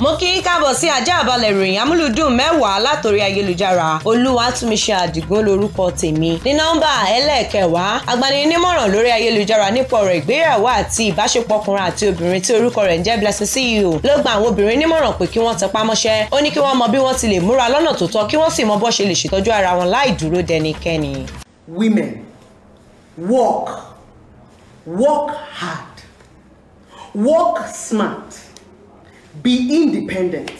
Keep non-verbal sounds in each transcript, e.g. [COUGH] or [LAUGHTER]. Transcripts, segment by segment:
mo kí káàbọ̀ sí ajá àbálẹ̀ ìròyìn amúlùdùn mẹ́wàá látòrí ayélujára olúwàtúnmíṣe àdìgún lórúkọ tèmi ní nọ́mbà ẹlẹ́ẹ̀kẹwàá agbaninímọ̀ràn lórí ayélujára nípa ọ̀rọ̀ ìgbéyàwó àti ìbáṣepọ̀ ọkùnrin àti obìnrin tí orúkọ rẹ̀ ń jẹ́ blessing ceo ló gba àwọn obìnrin nímọ̀ràn pé kí wọ́n tẹpá mọ́ṣẹ́ ó ní kí wọ́n mọ bí wọ́n ti lè múra lọ́nà tó women work work hard work smart Be independent.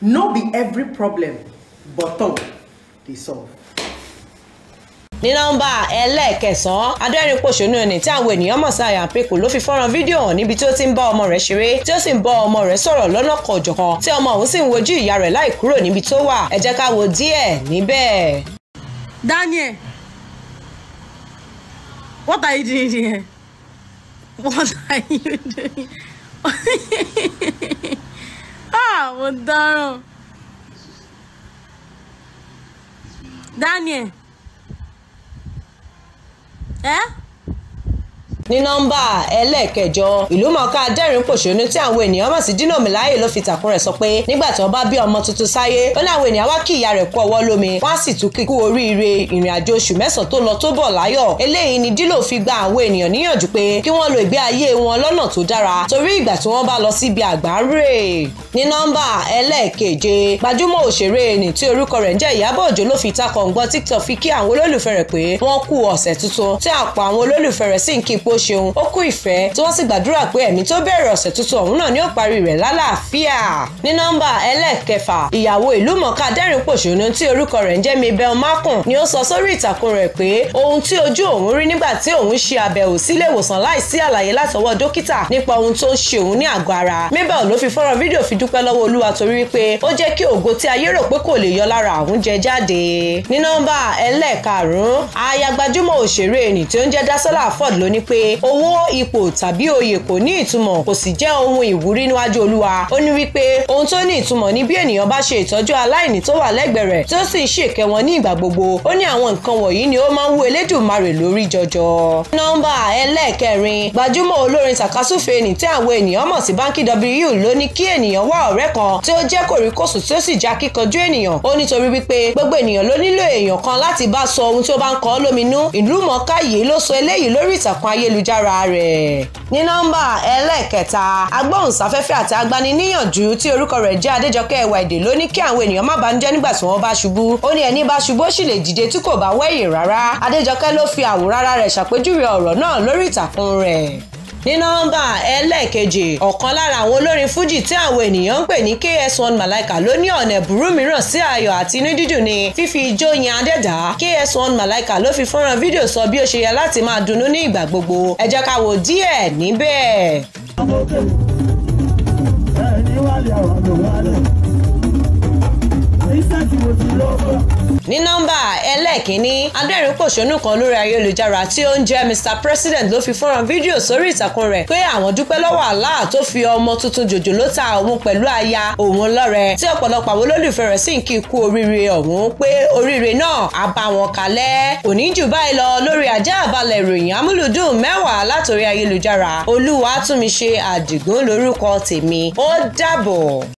No be every problem but button they solve. ní nọ́mbà ẹlẹ́ẹ̀kẹsàn-án adẹ́rìn pòṣónú ẹni tí àwọn ènìyàn mọ̀ sí àyàn pẹ̀kù ló fi fọ́nrán fídíò hàn níbi tí ó ti ń bá ọmọ rẹ̀ ṣeré tí ó sì ń bá ọmọ rẹ̀ sọ̀rọ̀ lọ́nà kọ̀jọ̀kan tí ọmọ òun sì ń wojú ìyá rẹ̀ láì kúrò níbi tó wà ẹ jẹ́ ká wo díẹ̀ níbẹ̀. Daniel what are you doing here? What are you doing? [LAUGHS] ah mo dáràn Daniel ẹ. Eh? ní nọ́mbà ẹlẹ́ẹ̀kẹjọ ìlúmọ̀ọ́ká dẹ́rìn pòṣónú tí àwọn ènìyàn mọ̀ sí Dino Melaye ló fi tàkùn rẹ̀ sọ pé nígbà tí wọ́n bá bí ọmọ tuntun sáyé ó ní àwọn ènìyàn wá kí ìyá rẹ̀ kú ọwọ́ lómi wọ́n á sì tún kíkú oríire ìrìn àjò oṣù mẹ́sàn-án tó lọ tó bọ̀ láyọ̀ eléyìí ni Dino fi gba àwọn ènìyàn níyànjú pé kí wọ́n lo ìgbé ayé wọn lọ́nà tó dára torí ìgbà tí wọ́n bá lọ síbi àgbáre ní nọ́mbà ẹlẹ́ẹ̀keje gbajúmọ̀ òṣèré ni tí orúkọ rẹ̀ ń jẹ́ Ìyábọ̀ Òjó ló fi ìtakọ̀ ǹgbọ́n TikTok fi kí àwọn olólùfẹ́ rẹ̀ pé wọ́n kú ọ̀sẹ̀ tuntun tí àpò àwọn olólùfẹ́ rẹ̀ sì ń kí ipò tó ṣeun ó kú ìfẹ́ tí wọ́n sì gbàdúrà pé ẹ̀mí tó bẹ̀rẹ̀ ọ̀sẹ̀ tuntun ọ̀hún náà ni ó parí rẹ̀ lálàáfíà ní nọ́mbà ẹlẹ́ẹ̀kẹfà ìyàwó ìlú mọ̀ká dẹ́rìn-pòṣónú tí orúkọ rẹ̀ ń jẹ́ Mabel Makun ni ó sọ sórí ìtàkùn rẹ̀ pé ohun tí ojú òun rí nígbà tí òun ṣe àbẹ̀wò sílé ìwòsàn láìsí àlàyé látọwọ́ dókítà nípa ohun tó ń ṣe òun ní àgọ́ ara Mabel ló fi fọ́nrán fídíò fi dúpẹ́ lọ́wọ́ Olúwa torí wípé ó jẹ́ kí ògo tí ayé rò pé kò lè yọ lára òun jẹ jáde ní nọ́mbà ẹlẹ́ẹ̀karùn-ún aya òṣèré nì tí ó ń jẹ́ Dasola Ford ló ní pé wáyé owó ipò tàbí oyè kò ní ìtumọ̀ kò sì jẹ́ ohun ìwúrí níwájú olúwa ó ní wípé ohun tó ní ìtumọ̀ ni bí ènìyàn bá ṣe ìtọ́jú aláìní tó wà lẹ́gbẹ̀ẹ́ rẹ̀ tí ó sì ń ṣèkẹ́ wọn ní ìgbà gbogbo ó ní àwọn nǹkan wọ̀nyí ni ó máa ń wú elédùnmarè lórí jọjọ. nọ́mbà ẹlẹ́ẹ̀kẹrin gbajúmọ̀ olórin tàkasúfèé nì tí àwọn ènìyàn mọ̀ sí báńkì w ló ní kí ènìyàn wá ọ̀rẹ́ kan tí ó jẹ́ kòríkòsùn tí ó sì já kíkanjú ènìyàn ó nítorí wípé gbogbo ènìyàn ló nílò èèyàn kan láti bá sọ ohun tí ó bá ń kọ́ lóminú ìlú mọ̀ọ́ká yìí ló sọ eléyìí lórí ìtàkùn ayélujára ayélujára rẹ̀. ní nọ́mbà ẹlẹ́ẹ̀kẹta agbóhùnsáfẹ́fẹ́ àti agbaniníyànjú tí orúkọ rẹ̀ jẹ́ adéjọkẹ́ ẹwà èdè ló ní kí àwọn ènìyàn má banújẹ́ nígbà tí wọ́n bá ṣubú ó ní ẹni bá ṣubú ó sì lè dìde tí kò bá wẹ̀yìn rárá adéjọkẹ́ ló fi àwòrán ara rẹ̀ ṣàpèjúwe ọ̀rọ̀ náà lórí ìtàkùn rẹ̀ ní nọ́mbà ẹlẹ́ẹ̀kejì ọ̀kan lára àwọn olórin fújì tí àwọn ènìyàn ń pè ní KS1 Malaika ló ní ọ̀nà ẹ̀bùrú mìíràn sí ayọ̀ àti inú dídùn ni fífi ijó yin adẹ́dá KS1 Malaika ló fi fọ́nrán fídíò sọ bí ó ṣe yẹ láti máa dunnú ní ìgbà gbogbo ẹ jẹ́ ká wo díẹ̀ níbẹ̀. ní nọ́mbà ẹlẹ́ẹ̀kínní adẹ́rìnpòṣónú kan lórí ayélujára tí ó ń jẹ́ Mr President ló fi fọ́nrán fídíò sórí ìtàkùn rẹ̀ pé àwọn dúpẹ́ lọ́wọ́ Allah tó fi ọmọ tuntun jòjòló ta òun pẹ̀lú aya òun lọ́rẹ tí ọ̀pọ̀lọpọ̀ àwọn olólùfẹ́ rẹ̀ sì ń kí i kú oríire ọ̀hún pé oríire náà á bá wọn kalẹ̀ òní jù báyìí lọ lórí ajá àbálẹ̀ ìròyìn amúlùdùn mẹ́wàá látòrí ayélujára olúwa tún mi ṣe àdìgún lórúkọ tèmi ó dàbọ̀.